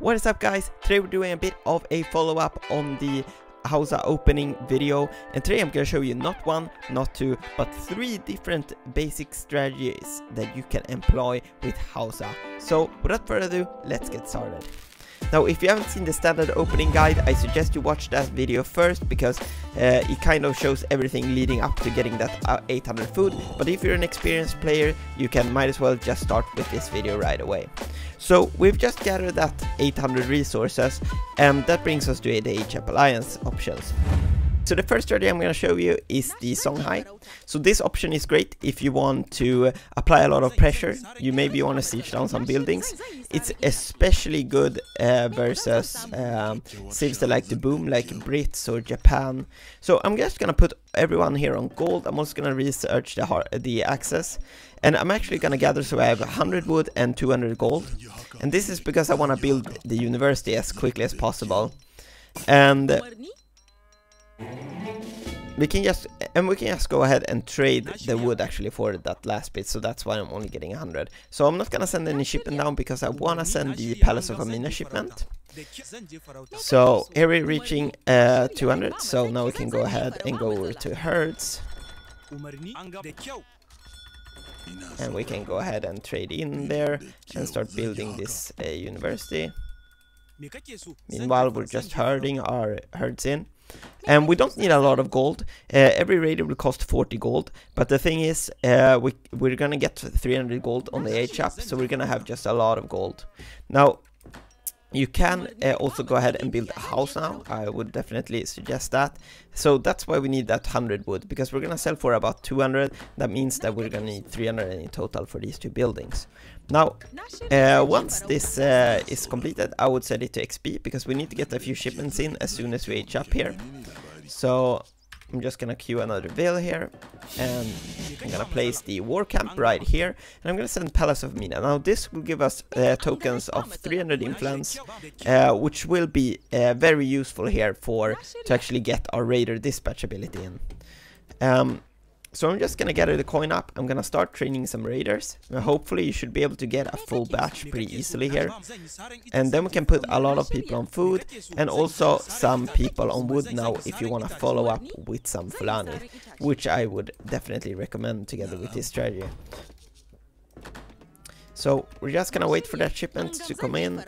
What is up guys? Today we're doing a bit of a follow-up on the Hausa opening video and today I'm gonna show you not one, not two, but three different basic strategies that you can employ with Hausa. So without further ado, let's get started. Now if you haven't seen the standard opening guide I suggest you watch that video first because uh, it kind of shows everything leading up to getting that uh, 800 food but if you're an experienced player you can might as well just start with this video right away. So we've just gathered that 800 resources and that brings us to the HF Alliance options. So the first strategy I'm going to show you is the Songhai. So this option is great if you want to apply a lot of pressure. You maybe want to siege down some buildings. It's especially good uh, versus um, that like the boom, like Brits or Japan. So I'm just going to put everyone here on gold. I'm also going to research the, the access. And I'm actually going to gather so I have 100 wood and 200 gold. And this is because I want to build the university as quickly as possible. And... Uh, we can just, and we can just go ahead and trade the wood actually for that last bit, so that's why I'm only getting 100. So I'm not gonna send any shipment down because I wanna send the Palace of Amina shipment. So here we're reaching uh, 200, so now we can go ahead and go over to herds. And we can go ahead and trade in there and start building this uh, university. Meanwhile, we're just herding our herds in and we don't need a lot of gold. Uh, every radio will cost 40 gold, but the thing is, uh, we, we're gonna get 300 gold on the HAP, so we're gonna have just a lot of gold. Now, you can uh, also go ahead and build a house now, I would definitely suggest that. So that's why we need that 100 wood, because we're gonna sell for about 200, that means that we're gonna need 300 in total for these two buildings. Now, uh, once this uh, is completed, I would sell it to XP, because we need to get a few shipments in as soon as we age up here. So I'm just gonna queue another Veil here, and I'm gonna place the War Camp right here, and I'm gonna send Palace of Mina. Now this will give us uh, tokens of 300 influence, uh, which will be uh, very useful here for to actually get our Raider Dispatch ability in. Um, so I'm just gonna gather the coin up, I'm gonna start training some raiders. hopefully you should be able to get a full batch pretty easily here. And then we can put a lot of people on food and also some people on wood now if you wanna follow up with some Fulani, which I would definitely recommend together with this strategy. So we're just gonna wait for that shipment to come in.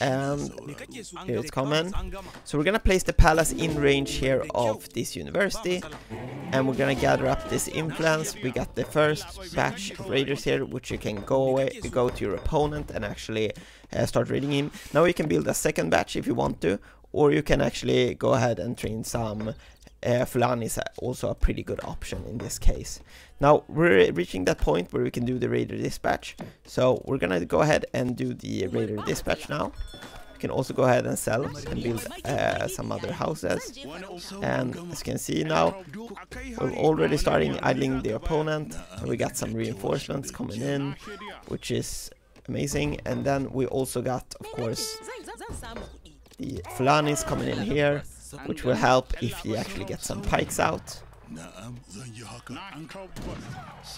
And here it's coming. So we're gonna place the palace in range here of this university. And we're gonna gather up this influence. We got the first batch of raiders here, which you can go away, go to your opponent and actually uh, start raiding him. Now you can build a second batch if you want to, or you can actually go ahead and train some uh, is uh, also a pretty good option in this case. Now we're reaching that point where we can do the Raider Dispatch. So we're gonna go ahead and do the Raider Dispatch now. You can also go ahead and sell and build uh, some other houses. And as you can see now, we're already starting idling the opponent. And we got some reinforcements coming in, which is amazing. And then we also got, of course, the Fulanis coming in here which will help if he actually gets some pikes out.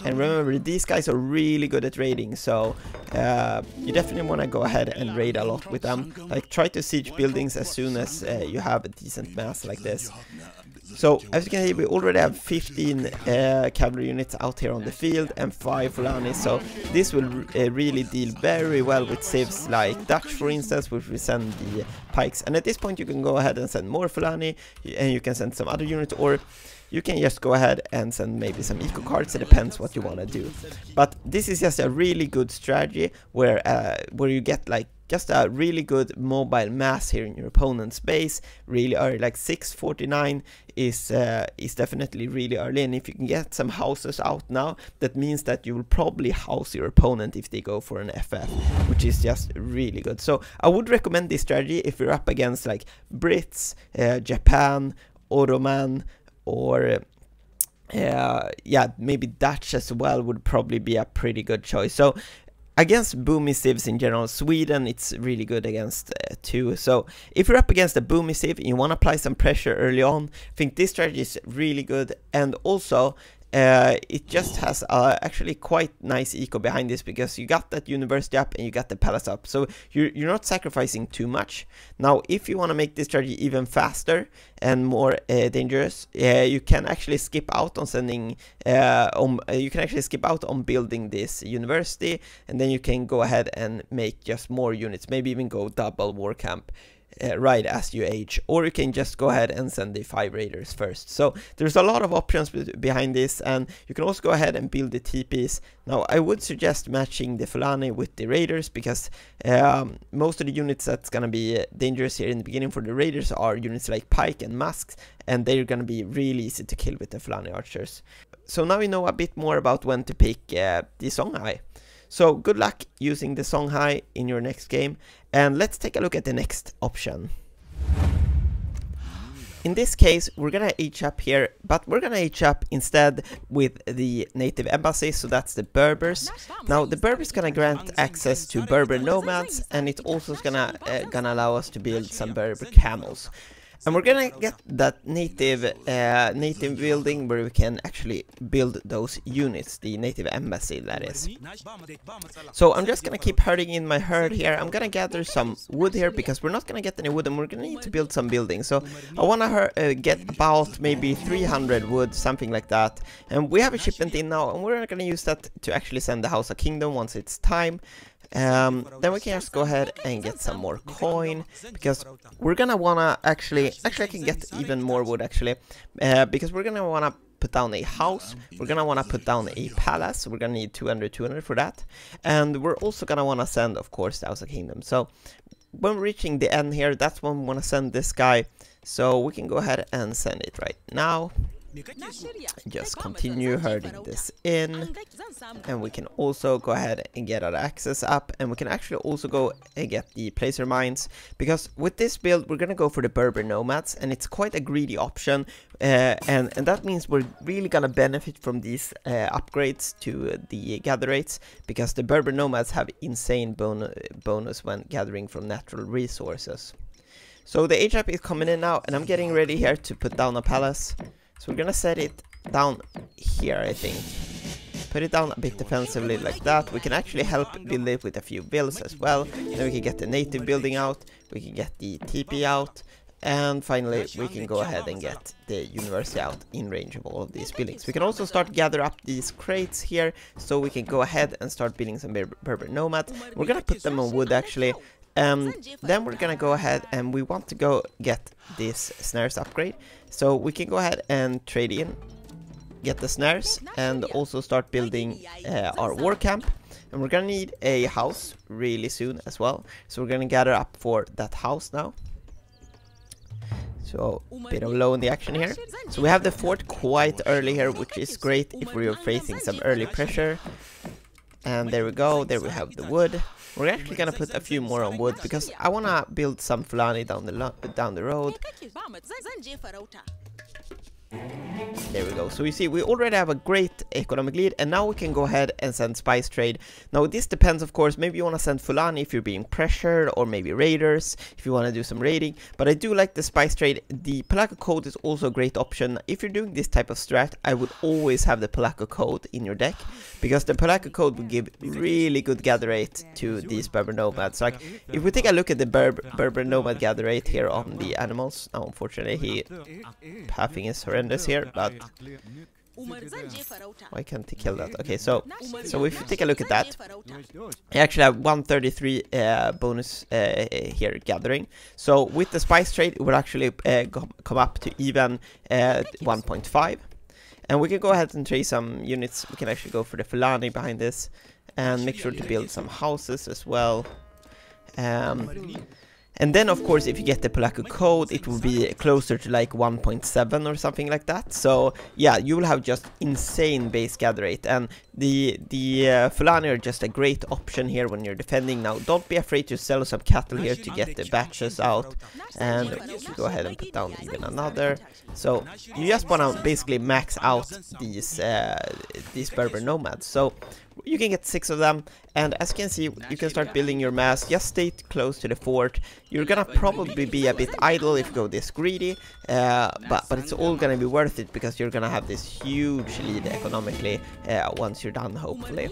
And remember, these guys are really good at raiding, so uh, you definitely want to go ahead and raid a lot with them. Like, try to siege buildings as soon as uh, you have a decent mass like this. So, as you can see, we already have 15 uh, cavalry units out here on the field and 5 Fulani, so this will uh, really deal very well with saves like Dutch, for instance, which we send the pikes. And at this point, you can go ahead and send more Fulani, uh, and you can send some other units, or you can just go ahead and send maybe some eco cards, it depends what you want to do. But this is just a really good strategy where, uh, where you get like just a really good mobile mass here in your opponent's base, really early, like 649 is uh, is definitely really early, and if you can get some houses out now, that means that you will probably house your opponent if they go for an FF, which is just really good. So I would recommend this strategy if you're up against like Brits, uh, Japan, Ottoman, or uh, uh yeah, maybe Dutch as well would probably be a pretty good choice. So against boomy sieves in general, Sweden it's really good against uh, too. So if you're up against a boomy sieve and you want to apply some pressure early on, I think this strategy is really good. And also uh, it just has uh, actually quite nice eco behind this because you got that university up and you got the palace up so you're, you're not sacrificing too much now if you want to make this strategy even faster and more uh, dangerous uh, you can actually skip out on sending uh, on, you can actually skip out on building this university and then you can go ahead and make just more units maybe even go double war camp uh, right as you age, or you can just go ahead and send the five raiders first. So there's a lot of options behind this, and you can also go ahead and build the TPs. Now I would suggest matching the Fulani with the Raiders because um, most of the units that's gonna be uh, dangerous here in the beginning for the Raiders are units like Pike and Masks, and they're gonna be really easy to kill with the Fulani archers. So now you know a bit more about when to pick uh, the Songhai. So good luck using the Songhai in your next game and let's take a look at the next option. In this case, we're gonna H up here, but we're gonna H up instead with the native embassy, so that's the Berbers. Now, the Berbers gonna grant access to Berber nomads, and it also is gonna, uh, gonna allow us to build some Berber camels. And we're gonna get that native uh, native building where we can actually build those units, the native embassy that is. So I'm just gonna keep herding in my herd here. I'm gonna gather some wood here because we're not gonna get any wood and we're gonna need to build some buildings. So I wanna uh, get about maybe 300 wood, something like that. And we have a shipment in now and we're gonna use that to actually send the house a kingdom once it's time. Um, then we can just go ahead and get some more coin, because we're gonna wanna actually, actually I can get even more wood actually, uh, because we're gonna wanna put down a house, we're gonna wanna put down a palace, we're gonna need 200, 200 for that, and we're also gonna wanna send, of course, the House of Kingdom, so when we're reaching the end here, that's when we wanna send this guy, so we can go ahead and send it right now. Just continue herding this in. And we can also go ahead and get our access up. And we can actually also go and get the placer mines. Because with this build, we're going to go for the Berber Nomads. And it's quite a greedy option. Uh, and, and that means we're really going to benefit from these uh, upgrades to the gather rates. Because the Berber Nomads have insane bon bonus when gathering from natural resources. So the HIP is coming in now. And I'm getting ready here to put down a palace. So we're gonna set it down here, I think. Put it down a bit defensively like that. We can actually help build with a few builds as well. Then we can get the native building out. We can get the TP out. And finally, we can go ahead and get the university out in range of all of these buildings. We can also start gather up these crates here, so we can go ahead and start building some Berber Nomads. We're gonna put them on wood actually, um, then we're gonna go ahead and we want to go get this snares upgrade. So we can go ahead and trade in, get the snares, and also start building uh, our war camp. And we're gonna need a house really soon as well. So we're gonna gather up for that house now. So, a bit of low in the action here. So we have the fort quite early here, which is great if we are facing some early pressure. And there we go, there we have the wood. We're actually gonna put a few more on wood because I wanna build some Fulani down the, down the road. There we go. So you see, we already have a great economic lead, and now we can go ahead and send spice trade. Now, this depends, of course. Maybe you want to send Fulani if you're being pressured, or maybe raiders if you want to do some raiding. But I do like the spice trade. The Polaco code is also a great option. If you're doing this type of strat, I would always have the Polaco code in your deck, because the Polaco code would give really good gather rate to these Berber nomads. Like, if we take a look at the Berber, Berber nomad gather rate here on the animals, now, unfortunately, he pathing is horrendous this here, but why can't he kill that? Okay, so so if you take a look at that, he actually have 133 uh, bonus uh, here gathering. So with the spice trade, it will actually uh, come up to even uh, 1.5. And we can go ahead and trade some units. We can actually go for the Fulani behind this and make sure to build some houses as well. Um, and then of course if you get the Polaco code it will be closer to like 1.7 or something like that. So yeah, you will have just insane base gather rate and the the uh, Fulani are just a great option here when you're defending. Now don't be afraid to sell some cattle here to get the batches out and go ahead and put down even another. So you just want to basically max out these, uh, these Berber Nomads. So you can get six of them, and as you can see, you can start building your mass. Just stay close to the fort. You're gonna probably be a bit idle if you go this greedy, uh, but, but it's all gonna be worth it because you're gonna have this huge lead economically uh, once you're done, hopefully.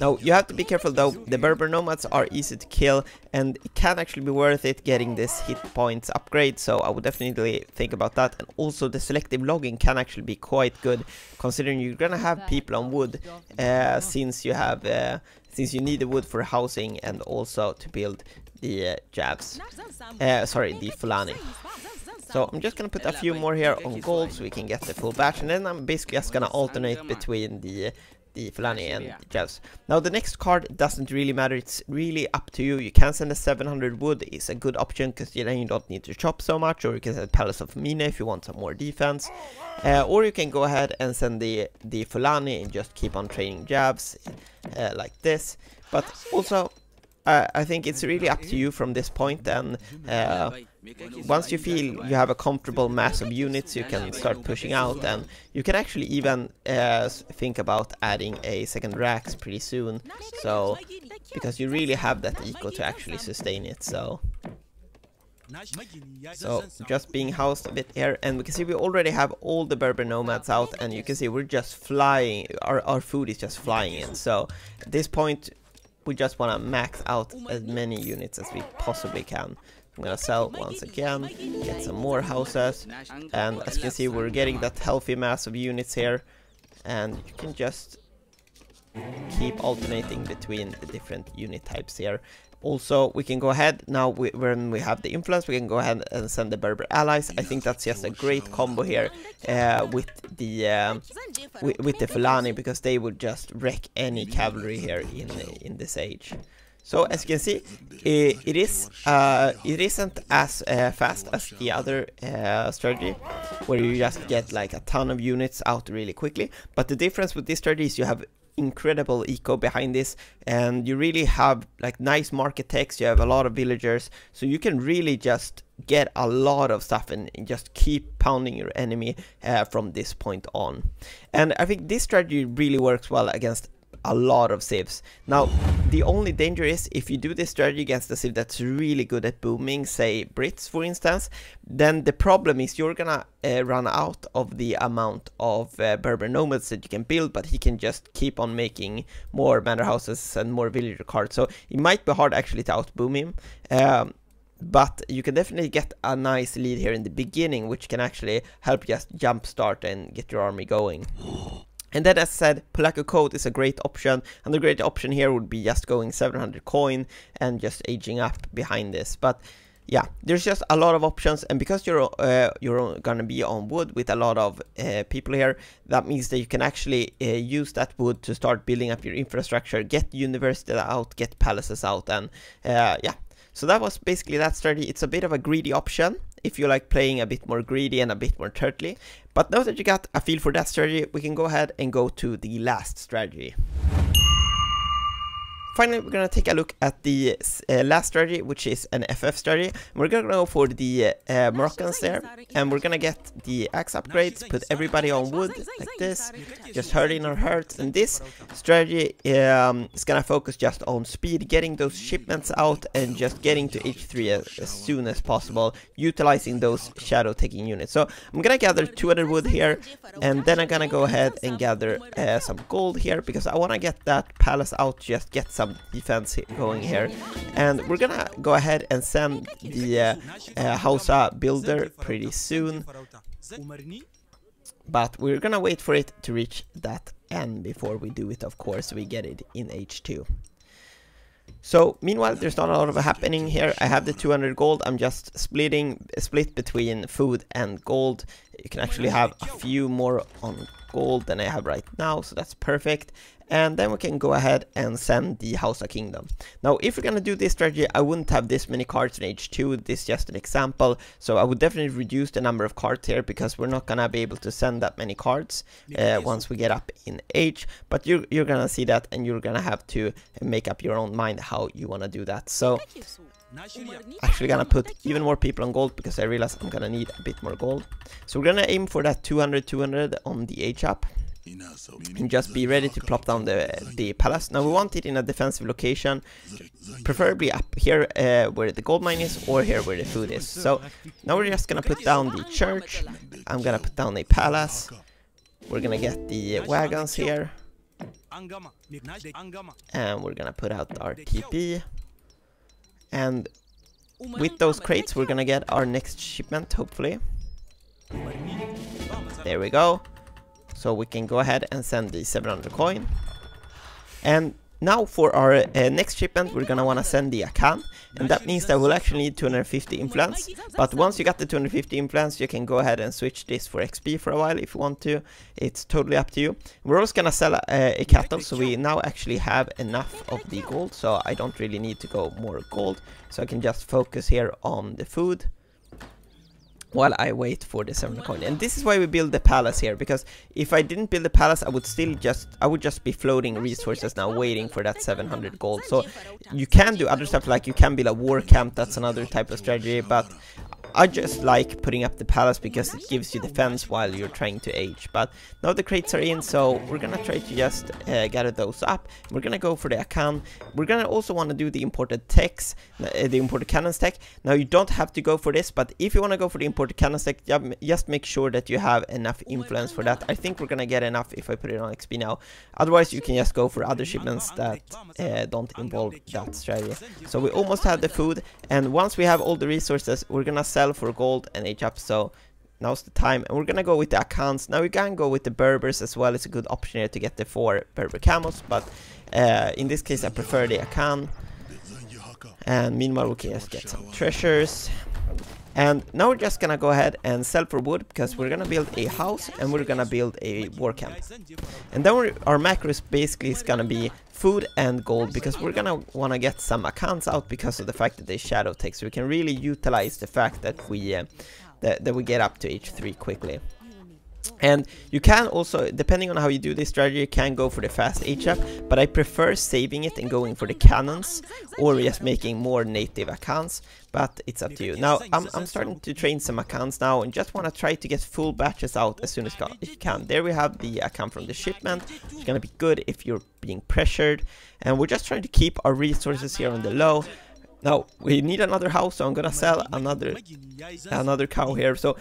Now you have to be careful though, the Berber Nomads are easy to kill and it can actually be worth it getting this hit points upgrade so I would definitely think about that and also the selective logging can actually be quite good considering you're gonna have people on wood uh, since you have uh, since you need the wood for housing and also to build the uh, jabs uh, sorry the Fulani. So I'm just gonna put a few more here on gold so we can get the full batch and then I'm basically just gonna alternate between the the Fulani and yeah. Now the next card doesn't really matter, it's really up to you. You can send a 700 wood, it's a good option because then you don't need to chop so much, or you can send Palace of Mina if you want some more defense. Uh, or you can go ahead and send the, the Fulani and just keep on training jabs uh, like this. But also I, uh, I think it's really up to you from this point and uh, once you feel you have a comfortable mass of units you can start pushing out and you can actually even uh, think about adding a second racks pretty soon so because you really have that eco to actually sustain it so so just being housed a bit here and we can see we already have all the Berber nomads out and you can see we're just flying our, our food is just flying in so at this point we just want to max out oh as many units as we possibly can. I'm gonna sell oh once again, get some more houses, and as you can see we're getting that healthy mass of units here, and you can just keep alternating between the different unit types here also, we can go ahead now we, when we have the influence, we can go ahead and send the Berber allies. I think that's just a great combo here uh, with the uh, with, the Fulani because they would just wreck any cavalry here in in this age. So as you can see, it, it is uh, it isn't as uh, fast as the other uh, strategy, where you just get like a ton of units out really quickly. But the difference with this strategy is you have incredible eco behind this and you really have like nice market techs you have a lot of villagers so you can really just get a lot of stuff and, just keep pounding your enemy uh, from this point on and i think this strategy really works well against a lot of sieves. Now, the only danger is if you do this strategy against a sieve that's really good at booming, say Brits for instance, then the problem is you're gonna uh, run out of the amount of uh, Berber nomads that you can build, but he can just keep on making more manor houses and more villager cards. So it might be hard actually to outboom him. Um, but you can definitely get a nice lead here in the beginning, which can actually help just jumpstart and get your army going. And that as said, Polacco Code is a great option, and the great option here would be just going 700 coin and just aging up behind this. But yeah, there's just a lot of options, and because you're uh, you're gonna be on wood with a lot of uh, people here, that means that you can actually uh, use that wood to start building up your infrastructure, get university out, get palaces out, and uh, yeah. So that was basically that strategy. It's a bit of a greedy option, if you like playing a bit more greedy and a bit more turtly. But now that you got a feel for that strategy, we can go ahead and go to the last strategy. Finally, we're going to take a look at the uh, last strategy, which is an FF strategy. We're going to go for the uh, Moroccans there, and we're going to get the axe upgrades, put everybody on wood, like this, just hurting or hurt, and this strategy um, is going to focus just on speed, getting those shipments out, and just getting to H3 as, as soon as possible, utilizing those shadow-taking units. So I'm going to gather 200 wood here, and then I'm going to go ahead and gather uh, some gold here, because I want to get that palace out, just get some some defense going here. And we're gonna go ahead and send the uh, uh, builder pretty soon. But we're gonna wait for it to reach that end before we do it, of course, we get it in H2. So meanwhile, there's not a lot of happening here. I have the 200 gold. I'm just splitting split between food and gold you can actually have a few more on gold than I have right now, so that's perfect. And then we can go ahead and send the House of Kingdom. Now, if we're gonna do this strategy, I wouldn't have this many cards in H2, this is just an example. So I would definitely reduce the number of cards here because we're not gonna be able to send that many cards uh, once we get up in H. But you're, you're gonna see that and you're gonna have to make up your own mind how you wanna do that. So Actually gonna put even more people on gold because I realize I'm gonna need a bit more gold. So we're gonna aim for that 200-200 on the h up, And just be ready to plop down the, the palace. Now we want it in a defensive location, preferably up here uh, where the gold mine is or here where the food is. So now we're just gonna put down the church, I'm gonna put down a palace, we're gonna get the wagons here. And we're gonna put out our TP. And with those crates, we're gonna get our next shipment, hopefully. There we go. So we can go ahead and send the 700 coin. And now for our uh, next shipment we're gonna wanna send the account, and that means that we'll actually need 250 implants but once you got the 250 implants you can go ahead and switch this for XP for a while if you want to it's totally up to you. We're also gonna sell uh, a cattle so we now actually have enough of the gold so I don't really need to go more gold so I can just focus here on the food while I wait for the 7 coin. And this is why we build the palace here, because if I didn't build the palace, I would still just, I would just be floating resources now waiting for that 700 gold. So you can do other stuff, like you can build a war camp, that's another type of strategy, but I just like putting up the palace because it gives you defense while you're trying to age. But now the crates are in, so we're gonna try to just uh, gather those up. We're gonna go for the account. We're gonna also want to do the imported techs, uh, the imported cannons tech. Now you don't have to go for this, but if you want to go for the import Canastack, just make sure that you have enough influence for that. I think we're gonna get enough if I put it on XP now. Otherwise, you can just go for other shipments that uh, don't involve that strategy. So we almost have the food, and once we have all the resources, we're gonna sell for gold and HF, so now's the time and we're gonna go with the accounts now we can go with the berbers as well it's a good option here to get the four berber camels but uh, in this case i prefer the account and meanwhile we can just get some treasures and now we're just gonna go ahead and sell for wood because we're gonna build a house and we're gonna build a war camp. And then our macros basically is gonna be food and gold because we're gonna wanna get some accounts out because of the fact that they shadow take. So we can really utilize the fact that we uh, that, that we get up to H3 quickly. And you can also, depending on how you do this strategy, you can go for the fast HF, but I prefer saving it and going for the cannons, or just making more native accounts, but it's up to you. Now, I'm, I'm starting to train some accounts now, and just want to try to get full batches out as soon as you can. There we have the account from the shipment, it's gonna be good if you're being pressured, and we're just trying to keep our resources here on the low, now, we need another house, so I'm gonna sell another another cow here. So,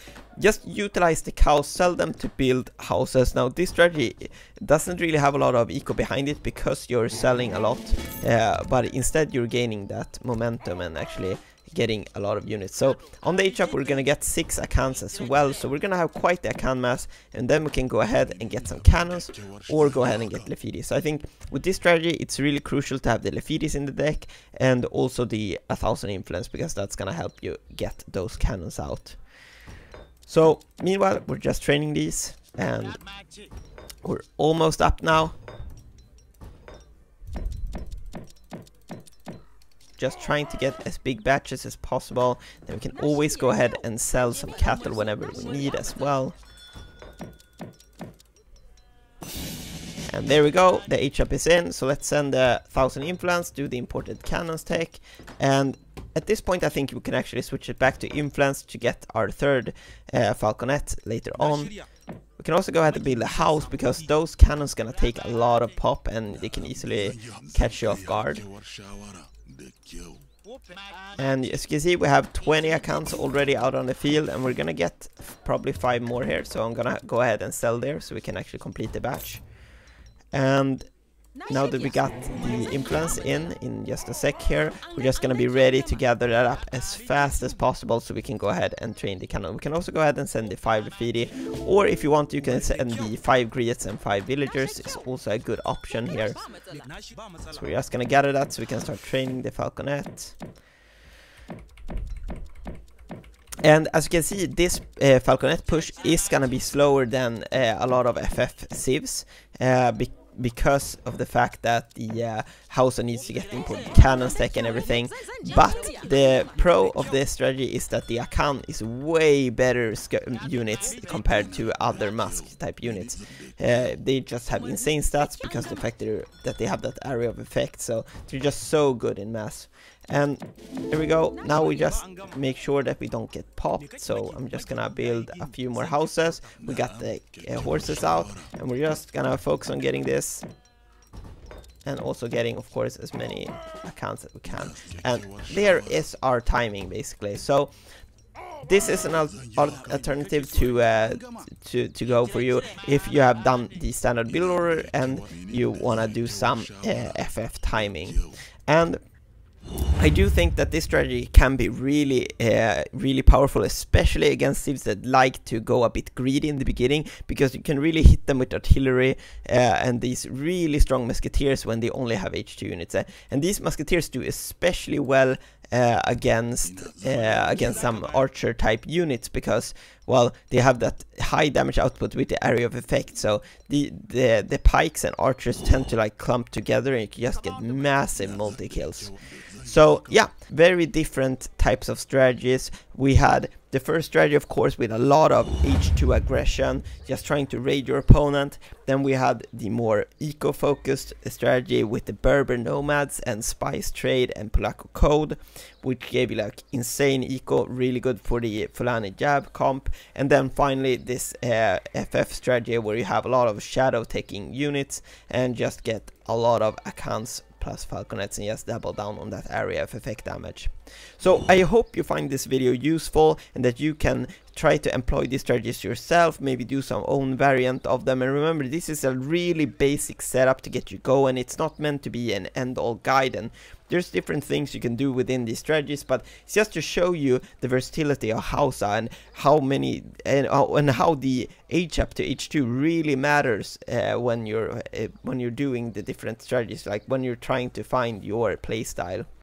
just utilize the cows, sell them to build houses. Now, this strategy doesn't really have a lot of eco behind it because you're selling a lot, uh, but instead you're gaining that momentum and actually getting a lot of units. So on the HUP we're gonna get 6 accounts as well, so we're gonna have quite the account mass, and then we can go ahead and get some cannons, or go ahead and get Lefides. So I think with this strategy it's really crucial to have the Lefidis in the deck, and also the 1000 influence, because that's gonna help you get those cannons out. So meanwhile we're just training these, and we're almost up now. just trying to get as big batches as possible. Then we can always go ahead and sell some cattle whenever we need as well. And there we go, the HUP is in, so let's send the 1000 influence, do the imported cannons tech, and at this point I think we can actually switch it back to influence to get our third uh, falconet later on. We can also go ahead and build a house because those cannons gonna take a lot of pop and they can easily catch you off guard. And as you can see, we have 20 accounts already out on the field, and we're gonna get probably five more here. So I'm gonna go ahead and sell there, so we can actually complete the batch. And now that we got the influence in, in just a sec here, we're just gonna be ready to gather that up as fast as possible so we can go ahead and train the cannon. We can also go ahead and send the 5 graffiti, or if you want you can send the 5 griots and 5 villagers, is also a good option here. So we're just gonna gather that so we can start training the falconet. And as you can see, this uh, Falconet push is gonna be slower than uh, a lot of FF sieves uh, because because of the fact that the uh, needs to get input cannon stack and everything. But the pro of this strategy is that the Akan is way better units compared to other mask type units. Uh, they just have insane stats because the fact that they have that area of effect, so they're just so good in mass. And there we go. Now we just make sure that we don't get popped. So I'm just gonna build a few more houses. We got the uh, horses out and we're just gonna focus on getting this and also getting of course as many accounts that we can and there is our timing basically so this is an al alternative to uh, to to go for you if you have done the standard build order and you want to do some uh, FF timing and I do think that this strategy can be really, uh, really powerful, especially against teams that like to go a bit greedy in the beginning, because you can really hit them with artillery uh, and these really strong musketeers when they only have H2 units. Uh, and these musketeers do especially well uh, against uh, against some archer type units because well they have that high damage output with the area of effect so the the, the pikes and archers tend to like clump together and you just get massive multi kills so yeah, very different types of strategies. We had the first strategy, of course, with a lot of H2 aggression, just trying to raid your opponent. Then we had the more eco-focused strategy with the Berber Nomads and Spice Trade and Polaco Code, which gave you like insane eco, really good for the Fulani Jab comp. And then finally this uh, FF strategy where you have a lot of shadow taking units and just get a lot of accounts plus falconets and just double down on that area of effect damage. So I hope you find this video useful and that you can try to employ these strategies yourself, maybe do some own variant of them. And remember, this is a really basic setup to get you going. It's not meant to be an end-all guide and there's different things you can do within these strategies, but it's just to show you the versatility of Hausa and how many and how, uh, and how the H up to H2 really matters uh, when you're uh, when you're doing the different strategies, like when you're trying to find your playstyle.